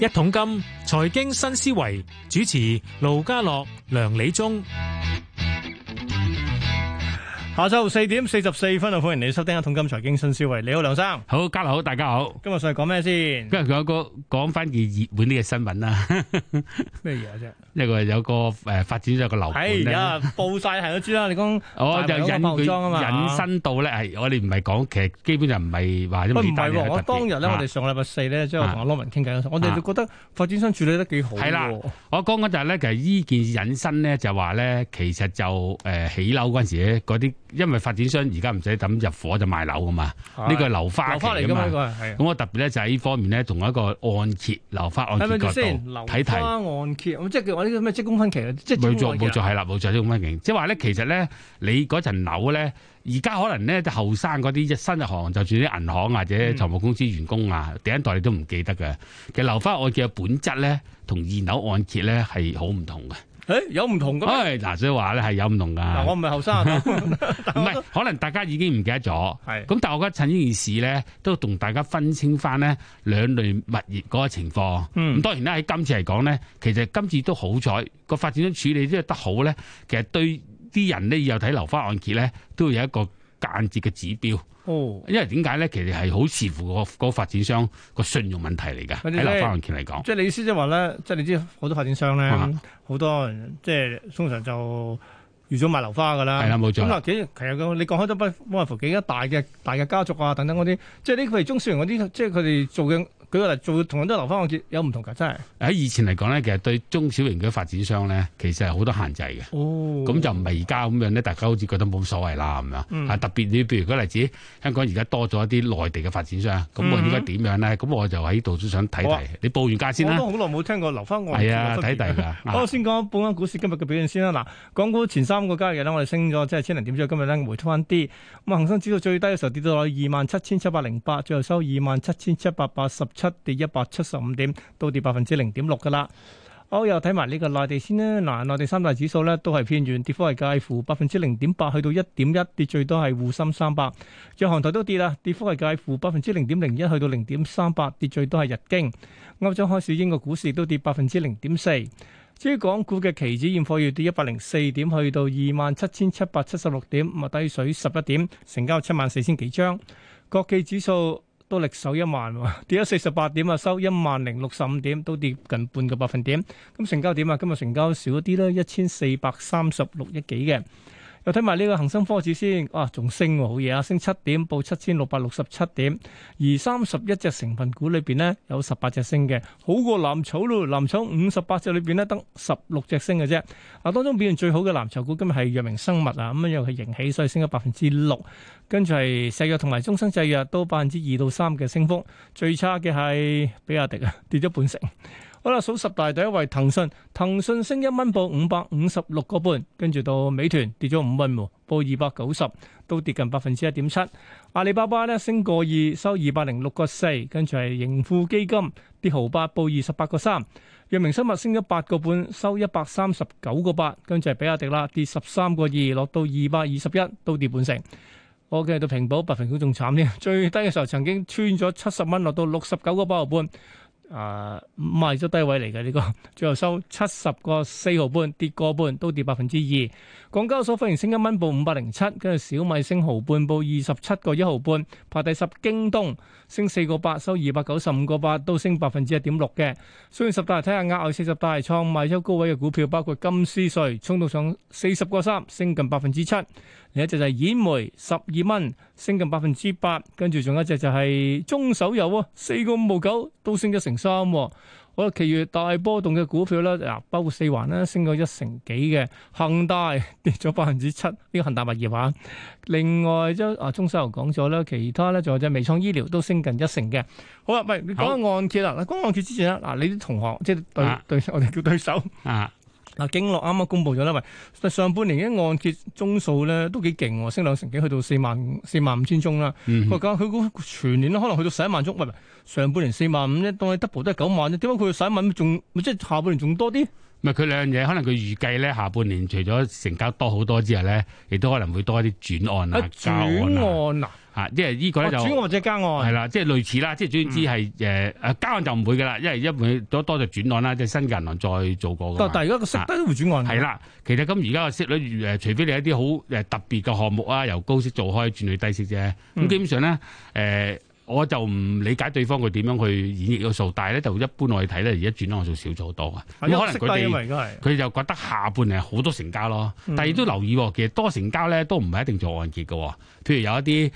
一桶金財經新思維主持：盧家樂、梁理中。下晝四點四十四分，歡迎你收聽《一桶金財經新思維》。你好，梁生。好，家好，大家好。今日上嚟講咩先？今日有個講翻件熱門呢嘅新聞啦。咩嘢啫？因為有個誒發展商嘅樓盤而家報晒係咗豬啦。你講，我就引嘛。引申到咧，係我哋唔係講，其實基本上唔係話。佢唔係喎，我當日咧，我哋上個禮拜四咧，即係同阿羅文傾偈，我哋就覺得發展商處理得幾好。係啦，我講嗰陣咧，其實呢件引申咧，就話咧，其實就誒起樓嗰陣時啲。因為發展商而家唔使等入伙就賣樓噶嘛，呢個樓花期嚟噶嘛。咁我特別咧就喺呢方面咧，同一個按揭樓花按揭咁睇睇。樓花按揭，睇睇，即係話呢啲咩即供分期啊？即係冇做，冇做係啦冇做即供分期。即係話咧，其實咧你嗰層樓咧，而家可能咧，就後生嗰啲新入行，就算啲銀行或者財務公司員工啊，嗯、第一代你都唔記得嘅。其實樓花按揭嘅本質咧，同二樓按揭咧係好唔同嘅。誒、欸、有唔同㗎？係，嗱，所以話咧係有唔同㗎。嗱， 我唔係後生啊，唔係，可能大家已經唔記得咗。咁是，但我覺得趁呢件事咧，都同大家分清翻咧兩類物業嗰個情況。嗯，咁當然啦，喺今次嚟講咧，其實今次都好彩個發展商處理都得好咧。其實對啲人咧，又睇樓花按揭咧，都有一個間接嘅指標。哦，因為點解咧？其實係好視乎個個發展商個信用問題嚟㗎，喺樓花案件嚟講。即係你意思即係話咧，即係你知好多發展商咧，好多人即係通常就預咗買樓花㗎啦。係啦，冇錯。咁或者其實個你講開都不冇話服幾一大嘅大嘅家族啊，等等嗰啲，即係呢個係中小型嗰啲，即係佢哋做嘅。佢嚟做同樣都留翻我住，有唔同噶，真係喺、啊、以前嚟講咧，其實對中小型嘅發展商咧，其實係好多限制嘅。哦，咁就唔係而家咁樣咧，大家好似覺得冇所謂啦咁樣。嗯、啊，特別你譬如嗰例子，香港而家多咗一啲內地嘅發展商，咁我應該點樣咧？咁、嗯、哼我就喺度都想睇睇。啊、你報完價先啦、啊。我都好耐冇聽過留翻我住睇睇㗎。我先講本港股市今日嘅表現先啦。嗱，港股前三個交易日咧，我哋升咗即係千零點咗，今日咧回吐翻啲。咁啊，恆生指數最低嘅時候跌到落去二萬七千七百零八，最後收二萬七千七百八十七跌一百七十五點，都跌百分之零點六噶啦。好，又睇埋呢個內地先啦。嗱，內地三大指數咧都係偏軟，跌幅係介乎百分之零點八去到一點一，跌最多係滬深三百。在港台都跌啦，跌幅係介乎百分之零點零一去到零點三八，跌最多係日經。歐洲開市，英國股市都跌百分之零點四。至於港股嘅期指現貨，要跌一百零四點，去到二萬七千七百七十六點，啊，低水十一點，成交七萬四千幾張。國企指數。都力守一萬，跌咗四十八點啊，收一萬零六十五點，都跌近半個百分點。咁成交點啊？今日成交少啲啦，一千四百三十六億幾嘅。睇埋呢個恒生科指先，啊，仲升喎，好嘢啊，升七點，報七千六百六十七點。而三十一隻成分股裏面咧，有十八隻升嘅，好過藍籌咯。藍籌五十八隻裏面咧，得十六隻升嘅啫。啊，當中表現最好嘅藍籌股今日係藥明生物啊，咁樣又係迎起，所以升咗百分之六。跟住係石藥同埋中生製藥都百分之二到三嘅升幅。最差嘅係比亞迪啊，跌咗半成。嗱，數十大第一位騰訊，騰訊升一蚊，報五百五十六個半，跟住到美團跌咗五蚊，報二百九十，都跌近百分之一點七。阿里巴巴咧升個二，收二百零六個四，跟住係盈富基金跌毫八，報二十八個三。藥明生物升咗八個半，收一百三十九個八，跟住係比亞迪啦，跌十三個二，落到二百二十一，都跌半成。我、OK, 見到平保百分股仲慘啲，最低嘅時候曾經穿咗七十蚊，落到六十九個八毫半。啊，賣咗低位嚟嘅呢個，最後收七十個四毫半，跌個半，都跌百分之二。港交所歡迎升一蚊，報五百零七，跟住小米升毫半，報二十七個一毫半，排第十。京東升四個八，收二百九十五個八，都升百分之一點六嘅。雖然十大睇下，看看額外四十大創創賣咗高位嘅股票，包括金絲稅衝到上四十個三，升近百分之七。另一隻就係演煤十二蚊，升近百分之八，跟住仲有一隻就係中手游四個五毫九都升咗成三。好啦，其餘大波動嘅股票咧，嗱包括四環咧，升咗一成幾嘅，恒大跌咗百分之七，呢個恒大物業啊。另外即啊中手游講咗啦，其他咧仲有隻微創醫療都升近一成嘅。好啦，喂好，你講下按揭啦，嗱講按揭之前啦，嗱你啲同學即對對，對、啊、我哋叫對手啊。嗱，經絡啱啱公布咗啦。喂，上半年嘅按揭宗數咧都幾勁喎，升兩成幾，去到四萬四萬五千宗啦。佢講佢估全年咧可能去到十一萬宗，喂，上半年四萬五啫，當你 double 都係九萬啫，點解佢要十一萬仲咪即係下半年仲多啲？咪佢兩樣嘢，可能佢預計咧下半年除咗成交多好多之後咧，亦都可能會多一啲轉按，啊、案，案啊、轉按啊，吓，因為呢個咧就轉按或者加按係啦，即係類似啦，即係總之係誒誒，加、嗯、按就唔會嘅啦，因為一換咗多就轉按啦，即係新嘅銀行再做過噶，但係而家個息都會轉按、啊。係啦，其實咁而家個息率誒，除非你一啲好誒特別嘅項目啊，由高息做開轉去低息啫。咁、嗯、基本上咧誒。呃我就唔理解對方佢點樣去演繹個數，但係咧就一般我哋睇咧，而家轉按數少咗好多啊。因為可能佢哋佢就覺得下半年好多成交咯，但亦都留意，其實多成交咧都唔係一定做按揭嘅。譬如有一啲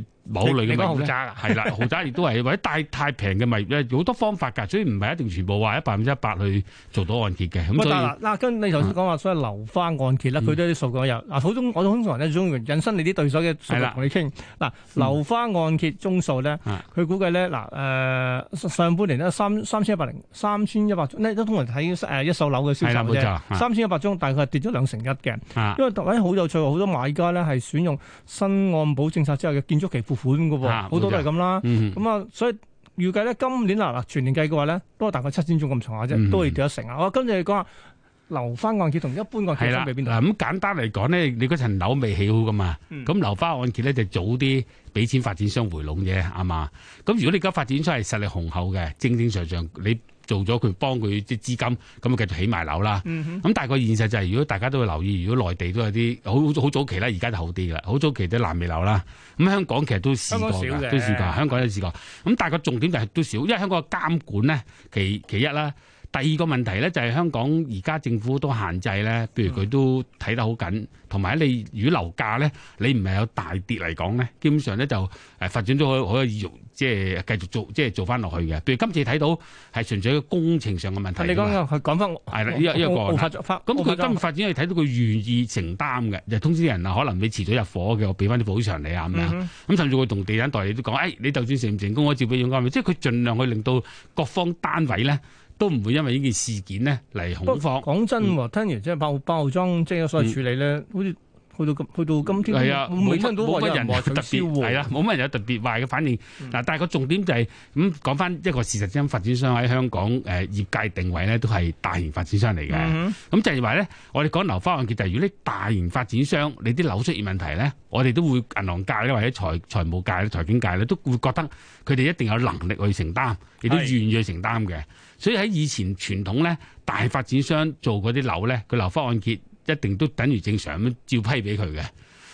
誒某類嘅豪宅，係啦，豪宅亦都係或者太太平嘅物業，好多方法㗎，所以唔係一定全部話一百分之一百去做到按揭嘅。咁所以嗱嗱，跟你頭先講話，所謂樓花按揭啦，佢都啲數據有嗱，好中我通常咧中引申你啲對手嘅係啦，同你傾嗱樓花按揭宗數咧，佢估計咧嗱誒上半年咧三三千一百零三千一百，咧都通常睇誒一手樓嘅銷售三千一百宗，大概係跌咗兩成一嘅，因為特喺好有趣喎，好多買家咧係選用按保政策之外嘅建築期付款嘅喎，好錯多都係咁啦。咁啊、嗯哼，所以預計咧今年嗱嗱全年計嘅話咧，都係大概七千宗咁重下啫，嗯、哼都會跌咗一成啊。我今日講下樓花按揭同一般按揭分別喺邊度？嗱、嗯，咁簡單嚟講咧，你嗰層樓未起好嘅嘛，咁、嗯、樓花按揭咧就早啲俾錢發展商回籠啫，係嘛。咁如果你而家發展商係實力雄厚嘅，正正常常你。做咗佢幫佢啲資金，咁啊繼續起埋樓啦。咁但係個現實就係、是，如果大家都會留意，如果內地都有啲好好早期啦，而家就好啲噶。好早期啲南美樓啦，咁香港其實都試過，都試過，香港都試過。咁但係個重點就係都少，因為香港嘅監管咧，其其一啦。第二個問題咧，就係、是、香港而家政府都限制咧，譬如佢都睇得好緊，同埋你如樓價咧，你唔係有大跌嚟講咧，基本上咧就誒發展都可可以容，即係繼續做，即係做翻落去嘅。譬如今次睇到係純粹工程上嘅問題。你講講翻係啦，一一對我個咁佢今日發展係睇到佢願意承擔嘅，就是、通知人啊，可能你遲早入伙嘅，我俾翻啲補償你啊咁樣。咁、嗯、哼甚至會同地產代理都講，誒、哎，你就算成唔成功，我照俾佣金你即係佢盡量去令到各方單位咧。都唔會因為呢件事件呢嚟恐慌。不過，講真，嗯、聽完即係爆爆裝，即係有所謂處理咧，嗯、好似。去到今去到今天，冇乜的人話取消，啦、啊，冇乜人有特別壞嘅反應。嗱、嗯，但係個重點就係咁講翻一個事實，即係發展商喺香港誒、呃、業界定位咧，都係大型發展商嚟嘅。咁、嗯、就係話咧，我哋講樓花按揭，就係如果啲大型發展商，你啲樓出現問題咧，我哋都會銀行界咧或者財財務界咧、財經界咧，都會覺得佢哋一定有能力去承擔，亦都願意去承擔嘅。是所以喺以前傳統咧，大發展商做嗰啲樓咧，佢樓花按揭。一定都等於正常咁樣照批俾佢嘅。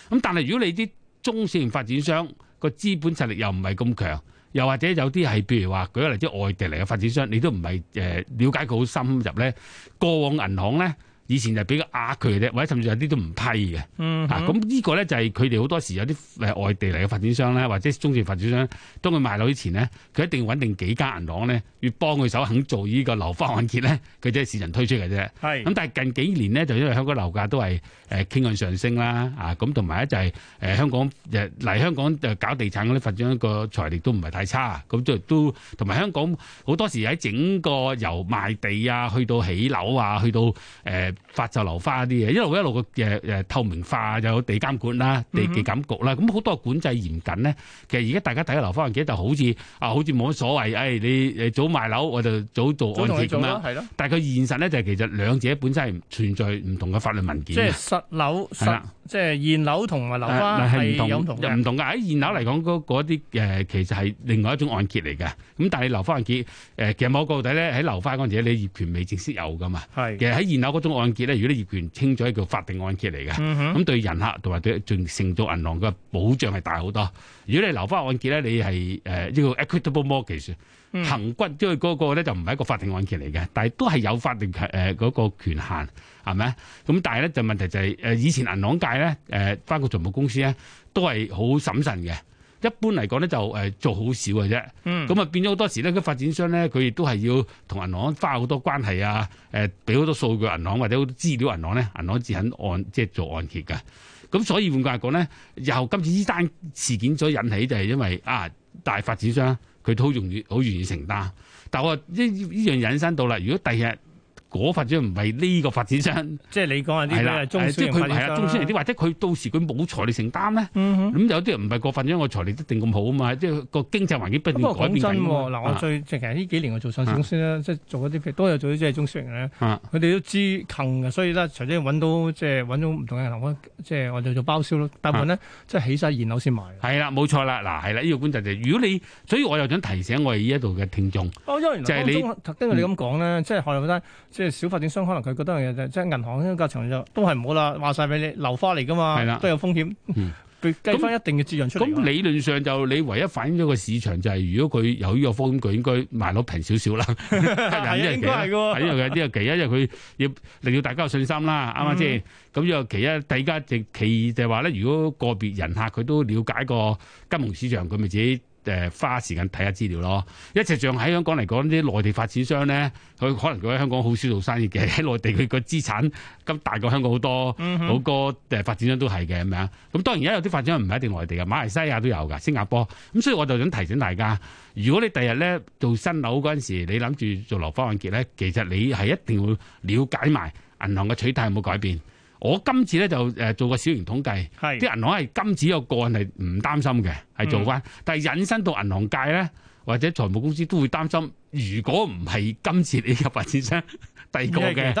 咁但係如果你啲中小型發展商個資本實力又唔係咁強，又或者有啲係，譬如話舉個例子，外地嚟嘅發展商，你都唔係誒瞭解佢好深入咧，過往銀行咧。以前就比較壓佢嘅啫，或者甚至有啲都唔批嘅。嗯哼，咁呢、啊這個咧就係佢哋好多時有啲外地嚟嘅發展商咧，或者中線發展商，當佢賣樓以前咧，佢一定揾定幾間銀行咧，要幫佢手肯做呢個樓花按揭咧，佢即係市場推出嘅啫。咁是但係近幾年咧，就因為香港樓價都係誒傾向上升啦，啊，咁同埋咧就係、是呃、香港嚟、呃、香港就搞地產嗰啲發展商個財力都唔係太差，咁、啊、即都同埋香港好多時喺整個由賣地啊，去到起樓啊，去到、呃法就樓花啲嘢，一路一路嘅誒誒透明化，有地監管啦，地地監局啦，咁好多管制嚴謹咧。其實而家大家睇下樓花文件就好似啊，好似冇乜所謂。誒、哎，你早賣樓我就早做按揭咁樣。做做但係佢現實咧、就是，就其實兩者本身係存在唔同嘅法律文件。即係、嗯就是、實樓。係即係現樓同埋樓花，係有唔同，又唔同噶。喺現樓嚟講，嗰啲誒，其實係另外一種按揭嚟嘅。咁但係樓花按揭，誒、呃，其實某角度睇咧，喺樓花嗰陣時候，你業權未正式有噶嘛。係是。其實喺現樓嗰種按揭咧，如果你業權清咗，係叫法定按揭嚟嘅。咁、嗯、哼對人客同埋對，盡承造銀行嘅保障係大好多。如果你樓花按揭咧，你係誒呢、呃、個 equitable mortgage。行骨即係嗰個咧就唔係一個法定按揭嚟嘅，但係都係有法定誒嗰個權限係咪？咁但係咧就問題就係、是、誒以前銀行界咧誒翻個財務公司咧都係好審慎嘅，一般嚟講咧就誒做好少嘅啫。咁啊、嗯、變咗好多時咧，啲發展商咧佢亦都係要同銀行花好多關係啊，誒俾好多數據銀行或者好多資料銀行咧，銀行至肯按即係、就是、做按揭嘅。咁所以換句話講咧，由今次依單事件所引起就係因為啊大發展商。佢都好容易，好願意承擔，但係我話依依樣引申到啦，如果第日。果發展唔係呢個發展商，即係你講係啲咩中？即係佢係啊，中小型啲，或者佢到時佢冇財力承擔咧。嗯哼，咁有啲人唔係個發展商個財力一定咁好啊嘛，即係個經濟環境不斷改變緊。咁嗱我最其實呢幾年我做上市公司啦，即係做嗰啲，都有做啲即係中小型咧。佢哋都知近嘅，所以咧，隨即揾到即係揾到唔同嘅人，我即係我哋做包銷咯。大部分咧即係起晒現樓先賣。係啦，冇錯啦，嗱係啦，呢個觀點就係如果你，所以我又想提醒我哋呢一度嘅聽眾，就係你特登你咁講咧，即係學下翻。即小發展商可能佢覺得又就即係銀行呢個層就都係唔好啦，話晒俾你留花嚟噶嘛，的都有風險。佢計翻一定嘅節量出咁、嗯、理論上就你唯一反映咗個市場就係，如果佢有呢個風險，佢應該賣樓平少少啦。係應該係嘅，係一樣嘅。呢個其一，因為佢要令到大家有信心啦，啱唔啱先？咁呢個其一，第家就是、其二就係話咧，如果個別人客佢都了解個金融市場，佢咪自己。誒花時間睇下資料咯。一直像喺香港嚟講，啲內地發展商咧，佢可能佢喺香港好少做生意嘅。喺內地佢個資產咁大過香港好多，好多誒發展商都係嘅，咁樣咁當然而家有啲發展商唔係一定內地嘅，馬來西亞都有㗎，新加坡咁。所以我就想提醒大家，如果你第日咧做新樓嗰陣時，你諗住做樓花按揭咧，其實你係一定要了解埋銀行嘅取態有冇改變。我今次咧就誒做個小型統計，啲是銀行係今次有個案係唔擔心嘅，係做翻，嗯、但係引申到銀行界咧，或者財務公司都會擔心。如果唔係今次你個發展商，第二個嘅，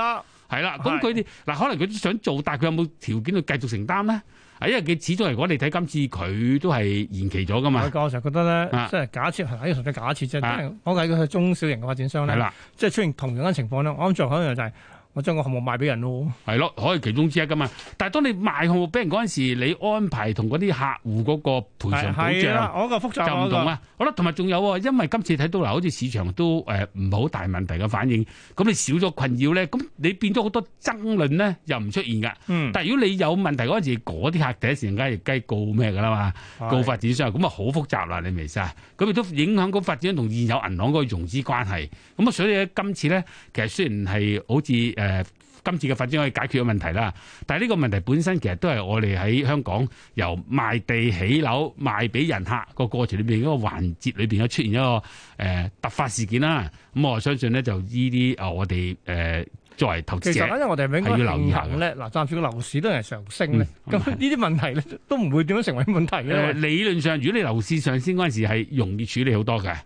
係啦，咁佢啲嗱可能佢想做，但係佢有冇條件去繼續承擔咧？啊，因為佢始終如果你睇今次佢都係延期咗噶嘛。我成日覺得咧，即係假設係，係純粹假設啫。我計佢係中小型嘅發展商咧，的即係出現同樣嘅情況咧，我諗仲可能就係、是。我將個項目賣俾人咯，係咯，可以其中之一噶嘛？但係當你賣項目俾人嗰陣時，你安排同嗰啲客戶嗰個賠償保障，的我個複雜就唔同啦。好啦，同埋仲有喎，因為今次睇到喇好似市場都誒唔係好大問題嘅反應，咁你少咗困擾咧，咁你變咗好多爭論咧，又唔出現噶。嗯。但係如果你有問題嗰陣時，嗰啲客第一時間而家亦雞告咩㗎啦嘛？的告發展商，咁啊好複雜啦，你明唔明？咁亦都影響個發展同現有銀行個融資關係。咁啊，所以今次咧，其實雖然係好似誒、呃，今次嘅發展可以解決嘅問題啦，但係呢個問題本身其實都係我哋喺香港由賣地起樓賣俾人客個過程裏邊嗰，這個環節裏邊出現一個誒、呃、突發事件啦。咁、嗯、我相信呢，就呢啲誒我哋誒、呃、作為投資者咧，係要留意嘅。嗱、啊，暫時個樓市都係上升咧，咁呢啲問題咧都唔會點樣成為問題咧。呃、理論上，如果你樓市上升嗰陣時係容易處理好多嘅，啊，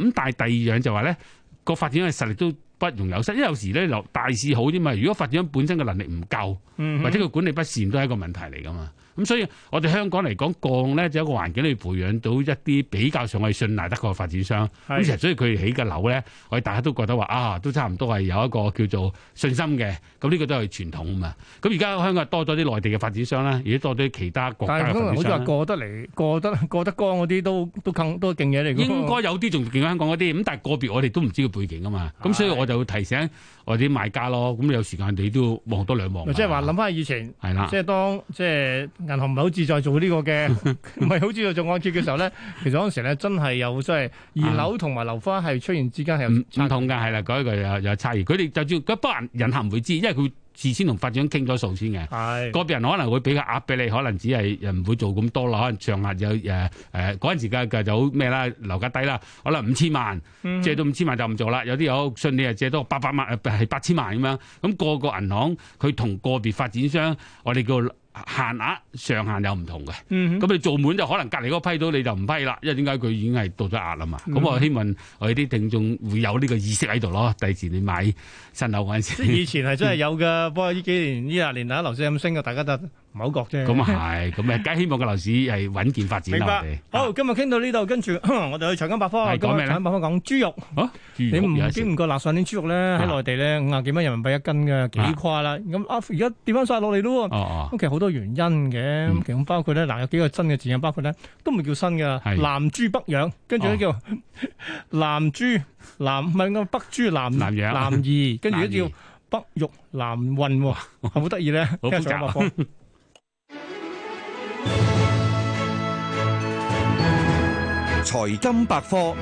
咁但係第二樣就話咧個發展嘅實力都。不容有失，因為有時咧就大市好啲嘛。如果發展本身嘅能力唔夠，或者佢管理不善，都係一個問題嚟噶嘛。咁所以，我哋香港嚟講，降咧就一個環境嚟培養到一啲比較上位、信賴得過嘅發展商。咁其實所以佢起嘅樓咧，我哋大家都覺得話啊，都差唔多係有一個叫做信心嘅。咁呢個都係傳統啊嘛。咁而家香港多咗啲內地嘅發展商啦，而家多咗啲其他國家但係我真係過得嚟，過得過得光嗰啲都都更都勁嘢嚟。應該有啲仲勁過香港嗰啲，咁但係個別我哋都唔知個背景啊嘛。咁是所以我就提醒我哋啲買家咯，咁有時間你都望多兩望。即係話諗翻以前，係啦的，即係當即係銀行唔係好自在做呢個嘅，唔係好自在做按揭嘅時候咧， 其實嗰時咧真係有即係二樓同埋樓花係出現之間係唔唔同噶，係啦，嗰、那、一個有又差異。佢哋就照，不過銀行唔會知，因為佢事先同發展商傾咗數先嘅。係的個別銀行可能會俾個額俾你，可能只係唔會做咁多啦，可能上下有誒誒嗰陣時嘅、呃、就好咩啦，樓價低啦，可能五千萬，借到五千萬就唔做啦。嗯、有啲有信你啊，借到八百萬，係八千萬咁樣。咁、那個個銀行佢同個別發展商，我哋叫。限額上限有唔同嘅，咁你做滿就可能隔離嗰批到你就唔批啦，因為點解佢已經係到咗額啦嘛。咁我希望我哋啲聽眾會有呢個意識喺度咯。第時你買新樓嗰陣時，即係以前係真係有嘅，不過呢幾年呢廿年啊，樓市咁升嘅，大家都唔好覺啫。咁啊係，咁啊梗係希望個樓市係穩健發展啦。好，今日傾到呢度，跟住我哋去長江百科，長江百科講豬肉，你唔驚唔過納上年豬肉咧？喺內地咧五廿幾蚊人民幣一斤嘅，幾誇啦！咁啊而家跌翻曬落嚟咯，咁其實好。多原因嘅，咁包括咧，嗱，有幾個真嘅字啊，包括咧，都唔叫新㗎，南豬的北養，跟住咧叫南豬南，唔係咁，北豬藝南養，南二哇，跟住咧叫北玉南運，係好得意咧？跟住上百科，財金百科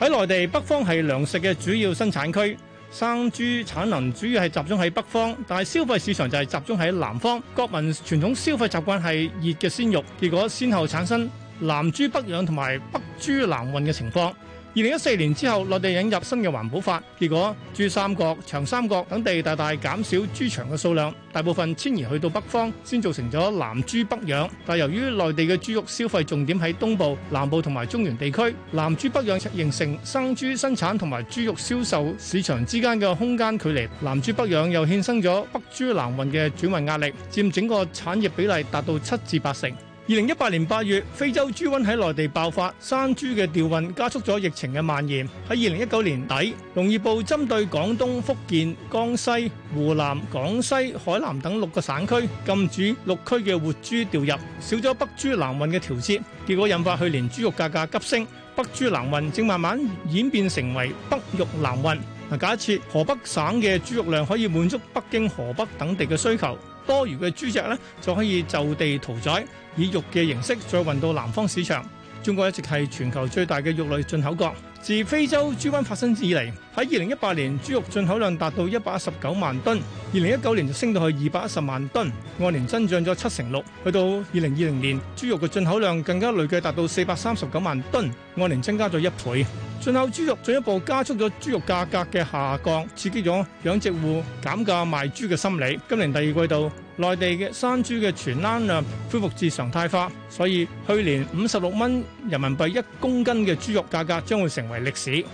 喺內地北方係糧食嘅主要生產區。生豬產能主要係集中喺北方，但係消費市場就係集中喺南方。國民傳統消費習慣係熱嘅鮮肉，結果先後產生南豬北養同埋北豬南運嘅情況。二零一四年之後，內地引入新嘅環保法，結果珠三角、長三角等地大大減少豬場嘅數量，大部分遷移去到北方，先造成咗南豬北養。但由於內地嘅豬肉消費重點喺東部、南部同埋中原地區，南豬北養形成生豬生產同埋豬肉銷售市場之間嘅空間距離。南豬北養又衍生咗北豬南運嘅轉運壓力，佔整個產業比例達到七至八成。二零一八年八月，非洲豬瘟喺內地爆發，生豬嘅調運加速咗疫情嘅蔓延。喺二零一九年底，農業部針對廣東、福建、江西、湖南、廣西、海南等六個省區禁止六區嘅活豬調入，少咗北豬南運嘅調節，結果引發去年豬肉價格急升。北豬南運正慢慢演變成為北肉南運。嗱，假設河北省嘅豬肉量可以滿足北京、河北等地嘅需求。多餘嘅豬隻咧，就可以就地屠宰，以肉嘅形式再運到南方市場。中國一直係全球最大嘅肉類進口國。自非洲豬瘟發生以嚟，喺二零一八年豬肉進口量達到一百一十九萬噸，二零一九年就升到去二百一十萬噸，按年增長咗七成六。去到二零二零年，豬肉嘅進口量更加累計達到四百三十九萬噸，按年增加咗一倍。進口豬肉進一步加速咗豬肉價格嘅下降，刺激咗養殖戶減價賣豬嘅心理。今年第二季度。內地嘅生豬嘅存欄量恢復至常態化，所以去年五十六蚊人民幣一公斤嘅豬肉價格將會成為歷史。